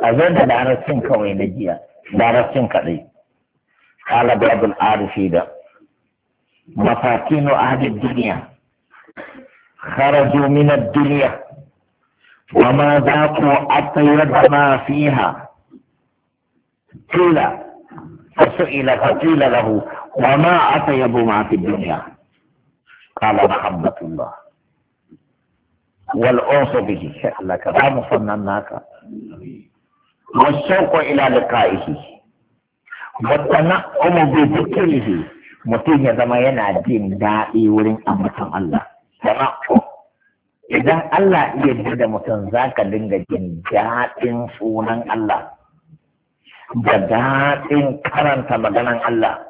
a zai da larabcin kawai na jiya larabcin kaɗai kala babul arifi da mafakinu ahlid duniya kharaju min ad-dunya wa ma zaqu at-tayyib ma fiha qila فسئل فقيل له وما أطيب ما في الدنيا قال محبة الله والأنس به لك رام فنناك والشوق إلى لقائه والتنعم بذكره mutum ya zama yana jin daɗi wurin ambaton Allah idan Allah iya ji da mutum za ka dinga jin daɗin sunan Allah da daɗin karanta maganan Allah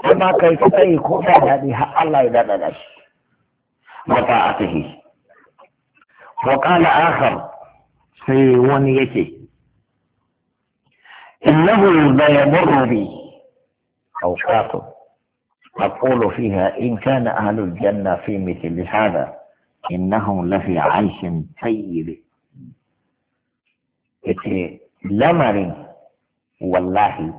kuma kai kai ko daɗi har Allah ya daɗa shi وطاعته وقال آخر في ونيته إنه لا يمر بي أوقات أقول فيها إن كان أهل الجنة في مثل هذا إنهم لفي عيش طيب لمر والله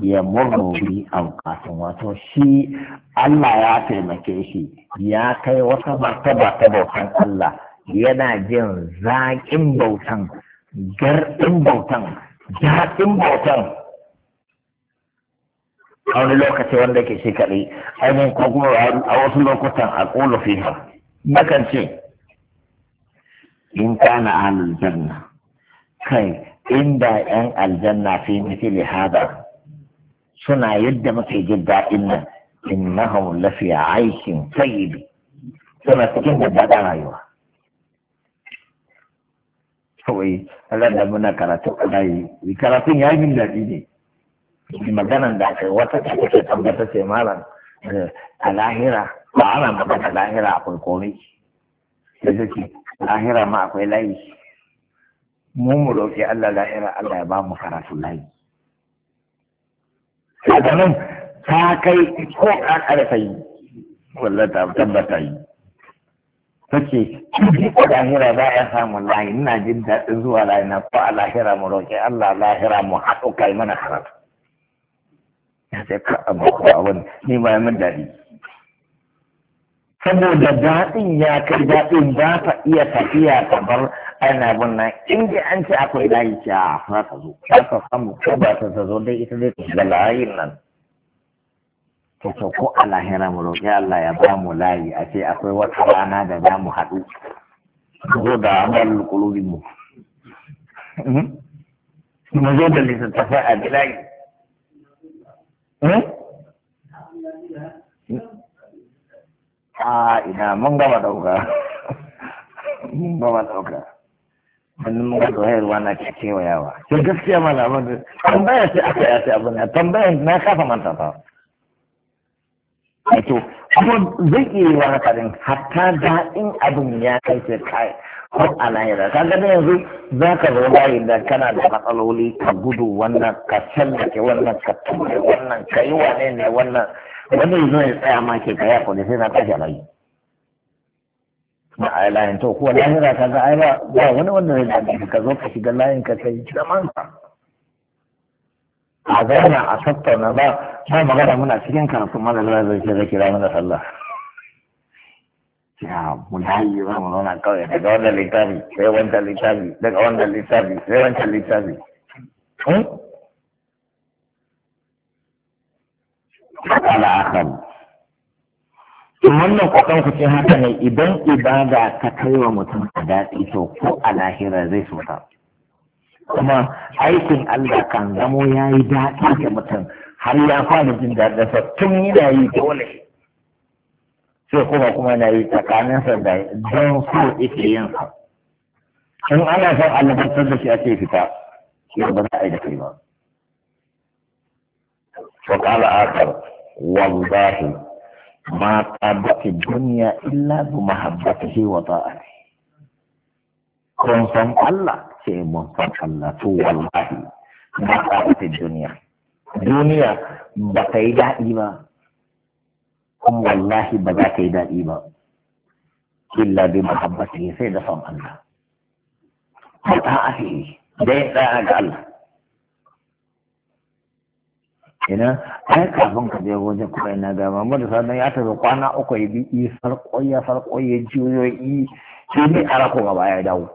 ya murnu a aukatin wato shi Allah ya taimake shi ya kai wata martaba ta bautan Allah yana jin zaƙin bautan garɗin bautan daɗin bautan a wani lokaci wanda ke shi kaɗai ainihin ko kuma a wasu lokutan a ƙulu fiha nakan ce in kana ahlul janna kai inda yan aljanna fi mithli hada سنا يد مكي جدا إن إنهم لفي عيش طيب سنا سكين جدا دا أيوة هوي هلا دا منا كراتو كناي وكراتين ياي من دا إني مجانا دا واتا تاكي تنبتا سيمالا الاهرة وعلا مجانا الاهرة أقول قولي يجوكي الاهرة ما أقول لأيش مو مروكي ألا الاهرة ألا يبام في لأيش kaga ta kai ko ka karfa yi wallahi ta tabbata yi ko da hira za a samu layi ina jin daɗin zuwa layi na ko a lahira mu roƙi Allah lahira mu haɗu kai mana haram ya sai ka abu ko abun ni ba mun daɗi saboda daɗin ya kai daɗin ba ta iya tafiya ta bar ana nan in dai an ce akwai layi ce a ah, za ta zo za ta samu ko ba ta zo dai ita zai ta shiga layin nan to to ko a lahira mu roƙi Allah ya ba mu layi a ce akwai wata rana da za mu haɗu zo da amal kulubi mu hmm? mu zo da littattafai a bilayi a ina mun gama dauka mun gama dauka wani mun ga doyarwa na ke kewayawa to gaskiya ma na tambaya sai aka yi a abu na tambaya na kafa manta ta to kuma zai iya yi wa haka din hatta daɗin abin ya kai sai kai har a lahira ka ga yanzu za ka zo layi da kana da matsaloli ka gudu wannan ka ke wannan ka tuɗe wannan ka yi wane ne wannan Wannan yanzu ya tsaya ma ke kaya ko sai na tashi alayi ba a layin to kuwa lahira ka ga ai ba wani wanda zai dame ka zo ka shiga layin ka kai zaman ka a zauna a tattauna ba ba magana muna cikin karatu mana da zai zai kira mana sallah ya mu layi ba mu zauna kawai daga wanda littafi sai wanda littafi daga wanda littafi sai wancan littafi haka da akan wannan kwatan ku ce haka ne idan ibada ka kai wa mutum a daɗi to ko a lahira zai so ta kuma aikin Allah kan zamo ya yi daɗi ga mutum har ya fara jin sa tun yana yi dole sai kuma kuma na yi tsakaninsa da don so ita yin sa in ana son alamantar da shi ake fita yau ba za a yi da kai ba. a akar والله ما طابت الدنيا إلا بمحبته وطاعته كونسون الله شيء منصر الله تو والله ما طابت الدنيا دنيا بتيدا إيبا كم والله بتيدا إيبا إلا بمحبته سيدة فم الله وطاعته دائما قال الله ina ai kafin ka je wajen kuma na ga da sanan ya tafi kwana uku ya bi yi farko ya farko ya juyo yi shi ne a rako gaba ya dawo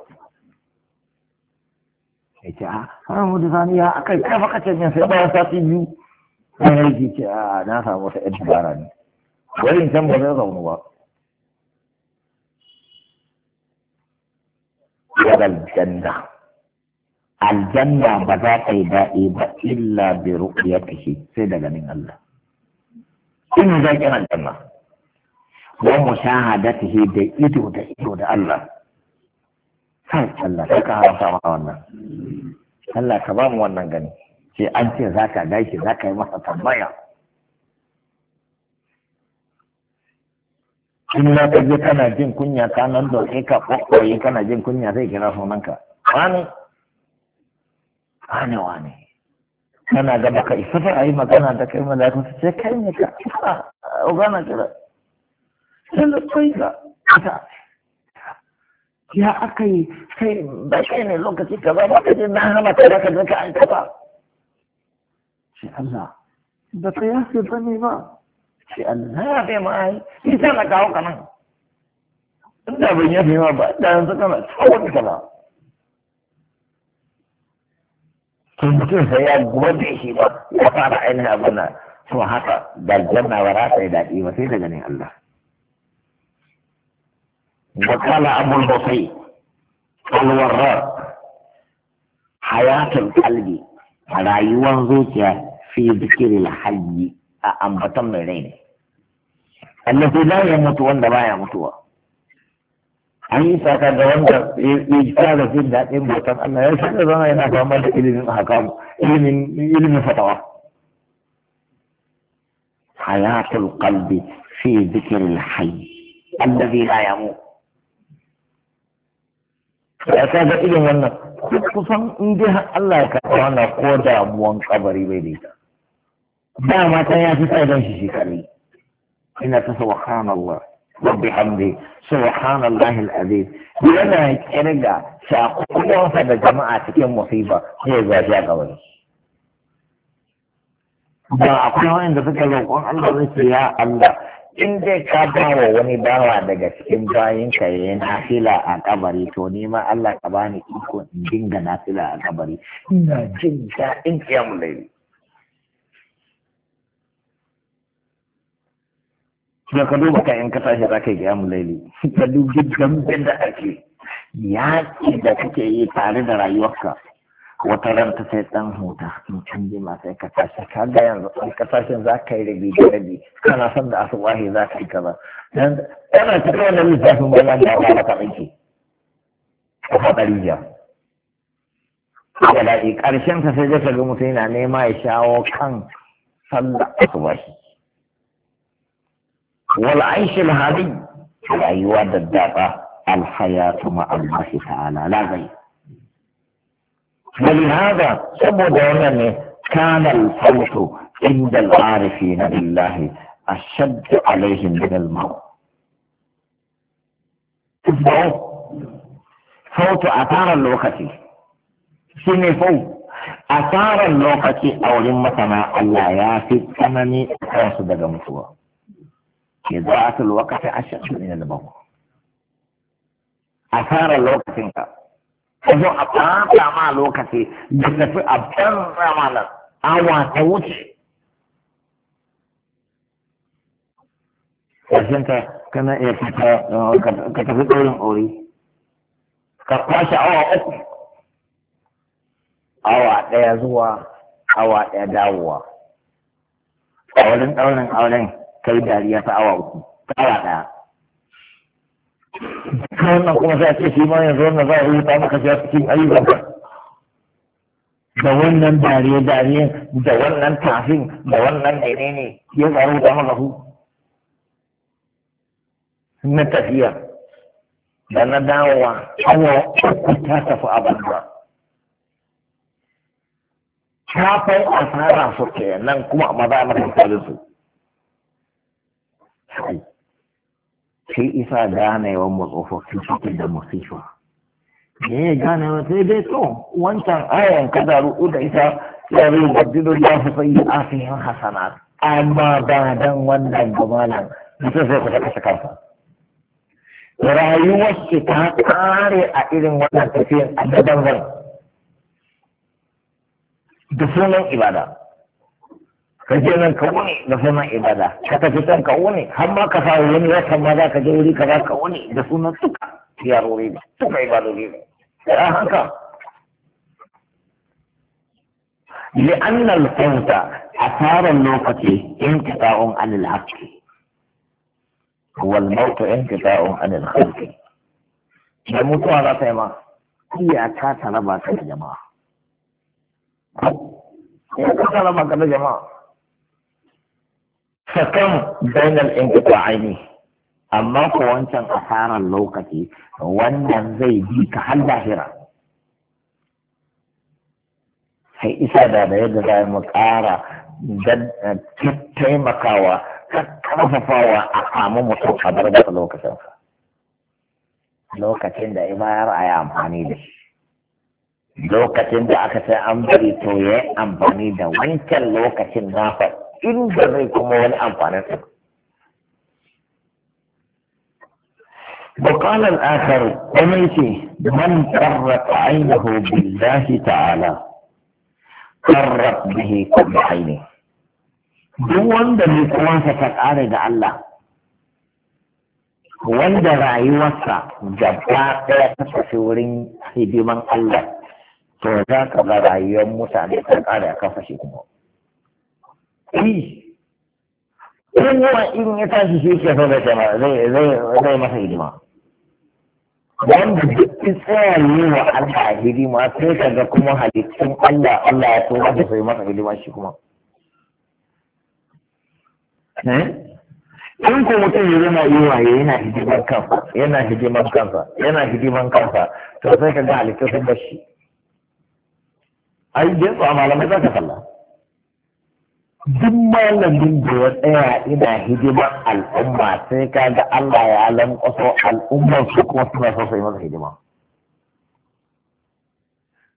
ya ce a da sanan ya akai kai faka ce min sai bayan sati biyu sai ya yi ce a ah, na samu wata yan dubara ne wani can ba zai zaunu ba ya ga aljanna ba za ta yi daɗi ba illa bi shi, sai da ganin Allah in za ki aljanna wa mushahadatihi da ido da ido da Allah sai Allah ka haramta ma wannan Allah ka ba mu wannan gani sai an ce za ka gaishe za ka yi masa tambaya in na ka je kana jin kunya ka nan doke ka kwakwaye kana jin kunya zai kira sunanka wani wane wane kana ga baka isa fa ayi magana da kai mala'iku su ce kai ne ka ugana kira sai da kai ka ta ya aka yi kai ba kai ne lokaci ka ba ka je na hana ka da ka je ka aika ba shi Allah ba ta ya ce ba ne ba shi Allah ya bai ma ai ni sai na kawo kanan inda ban yi ma ba da yanzu kana tsawon kala in mutum sai ya gode shi ba ya fara ainihin abin nan to haka da janna ba za ta yi daɗi ba sai da ganin Allah وقال أبو البصير الوراء حياة القلب رايوان زوجها في ذكر الحي أم بطم العين الذي لا يموت وان لا يموت حياة القلب في ذكر الحي الذي لا يموت فأكاد إليه أن خصوصا إنجه الله كأوانا قوه أبوان قبري بيديتا دا ما تنيا في سيدان شيشي إن تسوى خان الله وبحمده سبحان الله العظيم yana kirga shakuwarsa da jama'a cikin musiba zai zafi a gabani ba akwai wanda suka roƙon Allah zai ce ya Allah in dai ka wa wani bawa daga cikin bayan ka yi nafila a kabari to ni ma Allah ka bani iko in dinga nafila a kabari ina jin daɗin kiyamu laili kuma ka duba kayan in ka tashi za ka yi kiyamun laili ka duba dambin da ake yaƙi da kake yi tare da rayuwarka wata ran ta sai dan huta in canje ji ma sai ka tashi ka ga yanzu an za ka yi rabi da rabi kana son da asubahi za ka yi kaza dan kana cikin wannan lissafin ba za ka ba ka tsinke ka faɗa rijiya ya daɗi ƙarshen ka sai ka ga mutum yana nema ya shawo kan sallar asubahi والعيش الهادي على الأيوة الدابة الحياة مع الله تعالى لا غير ولهذا سبب كان الفوت عند العارفين بالله أشد عليهم من الموت فوت أثار الوقت سيني فوت أثار الوقت أو لما سمع الله يا في ثمني أخاص دقمتوه ke za ta lokaci a ne na babu a fara lokacin ka ka zo a fara ma lokaci da tafi a ɓan ramalar awa ta wuce ƙarshen ka kana iya fita eh, ka tafi ɗaurin aure ka kwashe awa uku awa ɗaya zuwa awa ɗaya dawowa a wurin ɗaurin auren kai dariya ta awa uku ta awa ɗaya wannan kuma za a ce shi ma yanzu wannan za a rubuta maka shi a cikin ayyukan da wannan dariya dariya da wannan tafin da wannan ne ya zaru da maka su na tafiya da na dawowa awa uku ta tafi a banza shafai asara su ke nan kuma a maza a makasarinsu kai sai isa ganewan matsofofi suke da musifa da ya gane wa sai dai to wancan ayan ka da ruku da isa ya zai wajido ya fi sai a fiye hasana amma ba dan wannan gabanan mutum sai kusa kasa kansa rayuwar shi ta kare a irin wannan tafiyan a gaban da sunan ibada ka je nan ka wuni da sunan ibada ka tafi can ka wuni har ma ka fara wani watan ma za ka je wuri ka za ka wuni da sunan tuka ziyarori ne suka ibadori ne sai an haka لأن الفوت أثار اللوقة انقطاع عن الحق والموت انقطاع عن الخلق يموت على ta هي أتاتا لما jama'a جماعة هي أتاتا لما كان jama'a. فكم بين الانقطاعين اما كو وانشان اثار اللوكتي وانا زي بيك حال داهرة هي إسا بابا يد زي مكارا جد تتي مكاوا تتكرف فاوا اقامو مصوحة بربا اللوكتي لوكتين دا إما يرعى يا أمحاني لش لوكتين دا أكسي أمبري توي أمحاني دا وانشان لوكتين نافت inda zai kuma wani amfanin sa وقال الآخر man من قرت عينه بالله ta'ala, قرت bihe kuma aini. duk wanda mai kuwansa ta ƙare da Allah wanda rayuwarsa gaba ɗaya ta tafi wurin hidiman Allah to za ka ga rayuwar mutane ta ƙare a kafa shi kuma yi kowa in ya tashi shi ke so da kama zai masa hidima wanda duk tsaya ne wa Allah hidima sai ka ga kuma halittun Allah Allah ya so wanda sai masa hidima shi kuma eh? in ko mutum ya zama iwaye yana hidiman kansa yana hidiman kansa yana hidiman kansa to sai ka ga halittun sun bashi ai jinsu a malamai za ka kalla duk malamin da ya tsaya ina hidimar al'umma sai ka ga Allah ya lankwaso al'ummar su kuma suna so su yi masa hidima.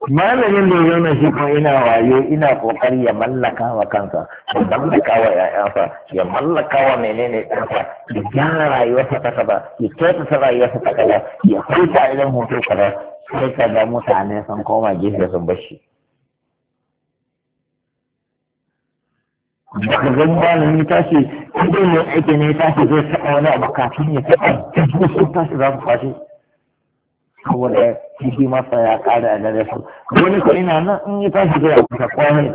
Malamin da ya shi kuma ina wayo ina kokari ya mallaka wa kansa, ya mallaka wa ‘ya'yansa, ya mallaka wa menene ɗansa, ya gyara rayuwarsa ta kaza, ya kyautata rayuwarsa ta kaza, ya kuta idan hoto kaza, sai ka ga mutane sun koma gefe sun bashi. shi. daga malami tashi in dai mai aiki ne ce zai taɓa wani abu kafin ya ce za su fashe saboda kifi masa ya a gare su wani ko ina nan in ya tashi zai abu ta kwana ya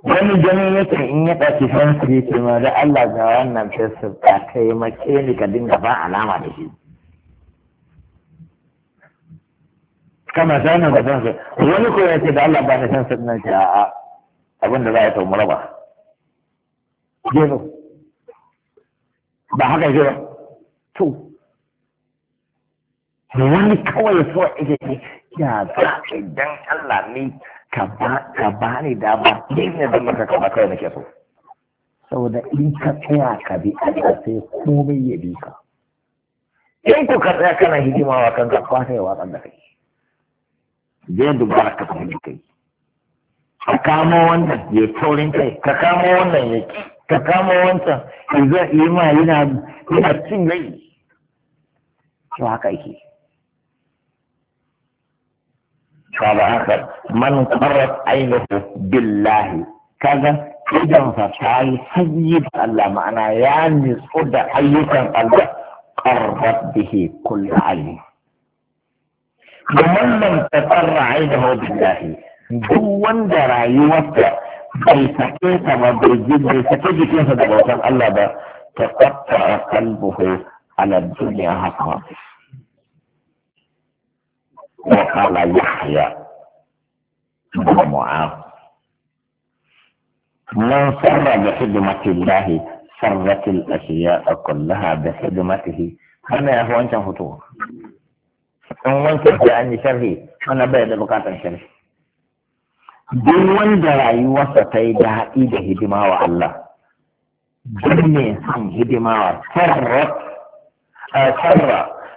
wani yake in ya ɗauki fensir ya ce ma da Allah ga wannan fesir ta kai makeni ni ka dinga ba alama da shi kana sanin da sansa wani ko ya ce da Allah ba ni sansa nan ce a abin da za a samu ba, gero ba haka ce ba to wani kawai so ake ce ya za idan Allah ne ka ba ka ba ni dama dai ne da maka kama kawai nake so saboda in ka tsaya ka bi Allah sai komai ya bi ka in ku ka tsaya kana hidimawa kanka kwasa ya kan da kai je dubara ka tafi kai ka kamo wannan ya taurin kai ka kamo wannan ya ka kamo wancan in zai yi ma yana yana cin rai to haka yake قال آخر من قرت عينه بالله كذا idan fa ta yi sanyi da Allah ma'ana ya nitsu da ayyukan Allah ƙarfat bihi kullu alim ومن لم تقر عينه بالله duk wanda rayuwarsa bai sake ta ba bai bai sake jikinsa da bautan Allah ba ta tsatta a kalbuhu ala duniya haka wa kala yahya da mu'af man sarra da hidimati lahi sarratil ashiya kullaha da hidimatihi wannan ya fi wancan fitowa in wanke sai an yi sharhi ana bai da bukatan sharhi duk wanda rayuwarsa ta yi daɗi da hidima wa Allah duk ne son hidima wa sarra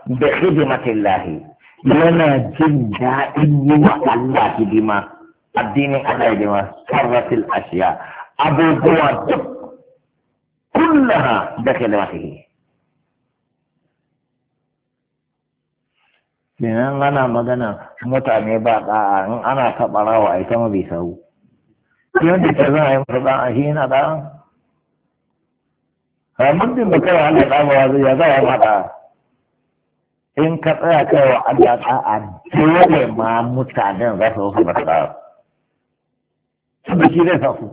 da hidimatin lahi yana jin daɗin yi wa Allah hidima addinin Allah hidima sarratil ashiya abubuwa duk kullaha da hidimatihi Sinan ana magana mutane ba ɗa'a in ana taɓa rawa a ita ma bai sau. Yadda ta zan yi masa ɗa'a shi yana ɗa'a. Ramar din da kai wa Allah ɗa'a ba zai ya za a ma ɗa'a. In ka tsaya kai wa Allah ɗa'a dole ma mutanen za su wasu masa ɗa'a. Saboda shi zai sa su.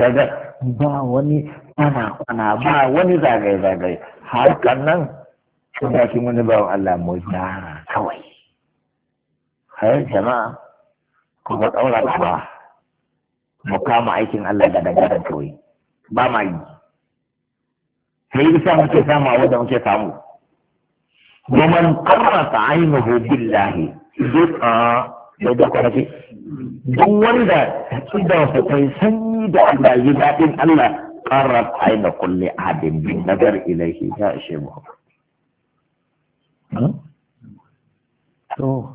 Kaga ba wani ana kwana ba wani zagaye-zagaye. Harkar nan ta bakin wani bawan Allah mu gyara kawai har jama'a ku ga ɗaura gaba mu kama aikin Allah da dangaren kawai ba ma yi sai sa muke samu a wanda muke samu ومن ƙarfa ta بالله بدعا بدعته duk wanda idansa ta yi sanyi da Allah yi daɗin Allah ƙarar aina kulle ahadin bin nazar ilaihi ya ishe mu to